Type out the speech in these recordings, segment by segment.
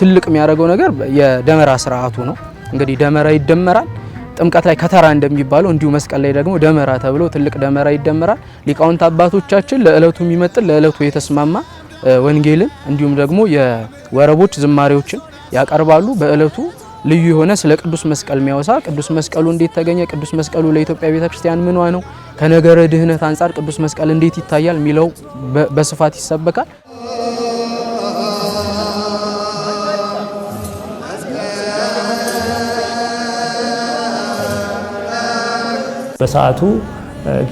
ትልቅ የሚያደርገው ነገር የደመራ ስርዓቱ ነው። እንግዲህ ደመራ ይደመራል። ጥምቀት ላይ ከተራ እንደሚባለው እንዲሁ መስቀል ላይ ደግሞ ደመራ ተብሎ ትልቅ ደመራ ይደመራል። ሊቃውንት አባቶቻችን ለእለቱ የሚመጥን ለዕለቱ የተስማማ ወንጌልን እንዲሁም ደግሞ የወረቦች ዝማሬዎችን ያቀርባሉ። በእለቱ ልዩ የሆነ ስለ ቅዱስ መስቀል የሚያወሳ ቅዱስ መስቀሉ እንዴት ተገኘ፣ ቅዱስ መስቀሉ ለኢትዮጵያ ቤተክርስቲያን ምኗ ነው ከነገረ ድህነት አንጻር ቅዱስ መስቀል እንዴት ይታያል የሚለው በስፋት ይሰበካል። በሰዓቱ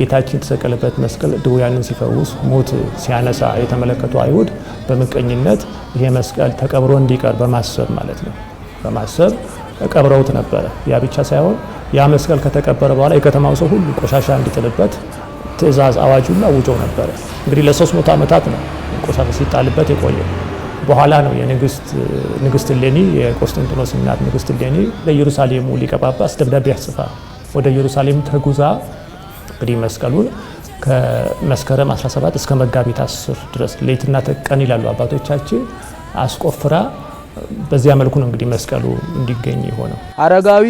ጌታችን የተሰቀለበት መስቀል ድውያንን ሲፈውስ ሞት ሲያነሳ የተመለከቱ አይሁድ በምቀኝነት ይሄ መስቀል ተቀብሮ እንዲቀር በማሰብ ማለት ነው በማሰብ ቀብረውት ነበረ። ያ ብቻ ሳይሆን ያ መስቀል ከተቀበረ በኋላ የከተማው ሰው ሁሉ ቆሻሻ እንዲጥልበት ትእዛዝ አዋጁና አውጆ ነበረ። እንግዲህ ለ300 ዓመታት ነው ቆሻሻ ሲጣልበት የቆየው። በኋላ ነው ንግስት ሌኒ የቆስጠንጢኖስ እናት ንግስት ሌኒ ለኢየሩሳሌሙ ሊቀ ጳጳስ ደብዳቤ አጽፋ ወደ ኢየሩሳሌም ተጉዛ እንግዲህ መስቀሉን ከመስከረም 17 እስከ መጋቢት 10 ድረስ ሌትና ተቀን ይላሉ አባቶቻችን አስቆፍራ በዚያ መልኩ ነው እንግዲህ መስቀሉ እንዲገኝ የሆነው አረጋዊ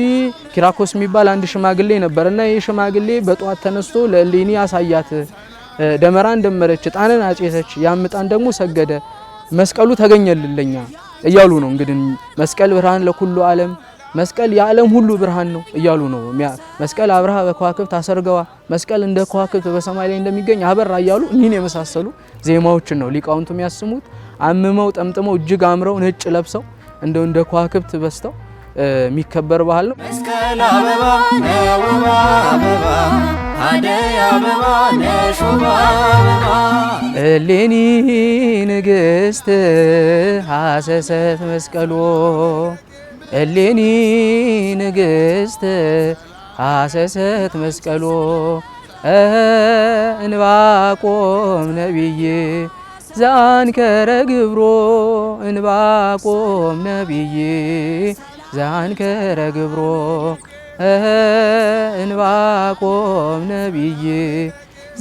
ኪራኮስ የሚባል አንድ ሽማግሌ ነበር እና ይህ ሽማግሌ በጠዋት ተነስቶ ለእሌኒ አሳያት። ደመራን ደመረች፣ እጣንን አጨሰች፣ ያም እጣን ደግሞ ሰገደ፣ መስቀሉ ተገኘልለኛ እያሉ ነው እንግዲህ መስቀል ብርሃን ለኩሉ ዓለም መስቀል የዓለም ሁሉ ብርሃን ነው እያሉ ነው። መስቀል አብርሃ በከዋክብት አሰርገዋ መስቀል እንደ ከዋክብት በሰማይ ላይ እንደሚገኝ አበራ እያሉ እኒህን የመሳሰሉ ዜማዎችን ነው ሊቃውንቱ የሚያስሙት። አምመው ጠምጥመው እጅግ አምረው ነጭ ለብሰው እንደው እንደ ከዋክብት በስተው የሚከበር ባህል ነው። መስቀል አበባ ነውባ አበባ አደይ አበባ ነሾባ አበባ እሌኒ ንግስት ሀሰሰት መስቀሎ እሌኒ ንግስት ሀሰሰት መስቀሎ እንባቆም ነቢይ ዛንከረ ግብሮ እንባቆም ነቢይ ዘአንከረ ግብሮ እንባቆም ነቢይ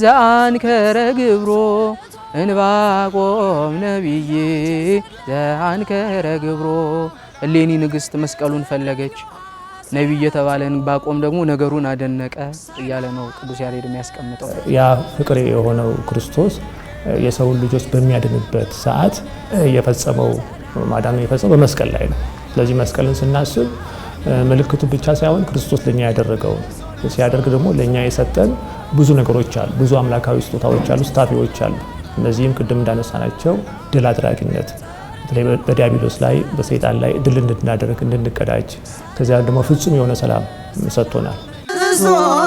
ዘአንከረ ግብሮ እንባቆም ነቢይ ዘአንከረ ግብሮ እሌኒ ንግሥት መስቀሉን ፈለገች። ነቢይ የተባለ እንባቆም ደግሞ ነገሩን አደነቀ እያለ ነው ቅዱስ ያሬድ የሚያስቀምጠው። ያ ፍቅር የሆነው ክርስቶስ የሰውን ልጆች በሚያድንበት ሰዓት የፈጸመው ማዳኑ የፈጸመው በመስቀል ላይ ነው። ስለዚህ መስቀልን ስናስብ ምልክቱ ብቻ ሳይሆን ክርስቶስ ለእኛ ያደረገው ሲያደርግ ደግሞ ለእኛ የሰጠን ብዙ ነገሮች አሉ፣ ብዙ አምላካዊ ስጦታዎች አሉ፣ ስታፊዎች አሉ። እነዚህም ቅድም እንዳነሳናቸው ድል አድራጊነት በተለይ በዲያብሎስ ላይ በሰይጣን ላይ ድል እንድናደርግ እንድንቀዳጅ፣ ከዚያ ደግሞ ፍጹም የሆነ ሰላም ሰጥቶናል። ክርስቶስ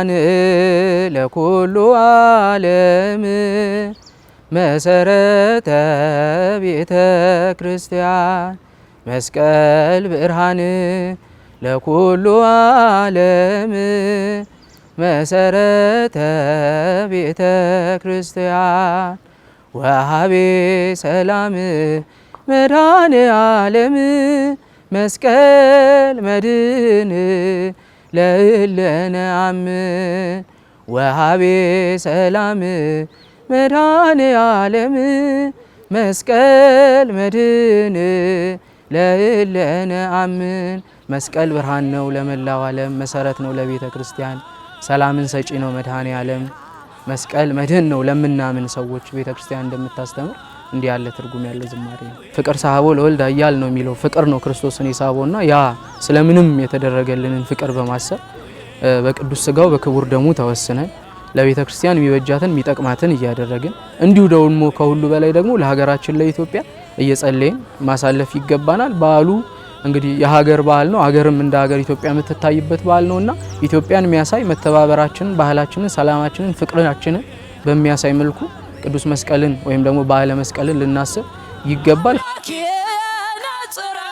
ቁርአን ለኩሉ ዓለም መሰረተ ቤተ ክርስቲያን መስቀል ብርሃን ለኩሉ ዓለም መሰረተ ቤተ ክርስቲያን ወሃቤ ሰላም መድኃኔ ዓለም መስቀል መድን ለእለነ አምን ወሃቤ ሰላም መድኃኔ ዓለም መስቀል መድን ለእለነ አምን መስቀል ብርሃን ነው ለመላው ዓለም መሰረት ነው ለቤተ ክርስቲያን ሰላምን ሰጪ ነው መድኃኔ ዓለም መስቀል መድህን ነው ለምናምን ሰዎች ቤተ ክርስቲያን እንደምታስተምር እንዲህ ያለ ትርጉም ያለው ዝማሬ ነው። ፍቅር ሳህቦ ለወልድ አያል ነው የሚለው ፍቅር ነው ክርስቶስን እና ያ ስለምንም የተደረገልንን ፍቅር በማሰብ በቅዱስ ስጋው በክቡር ደሙ ተወስነን ለቤተ ክርስቲያን የሚበጃትን የሚጠቅማትን እያደረግን እንዲሁ ደግሞ ከሁሉ በላይ ደግሞ ለሀገራችን ለኢትዮጵያ እየጸለይን ማሳለፍ ይገባናል። በዓሉ እንግዲህ የሀገር በዓል ነው። ሀገርም እንደ ሀገር ኢትዮጵያ የምትታይበት በዓል እና ኢትዮጵያን የሚያሳይ መተባበራችንን፣ ባህላችንን፣ ሰላማችንን፣ ፍቅራችንን በሚያሳይ መልኩ ቅዱስ መስቀልን ወይም ደግሞ ባህለ መስቀልን ልናስብ ይገባል።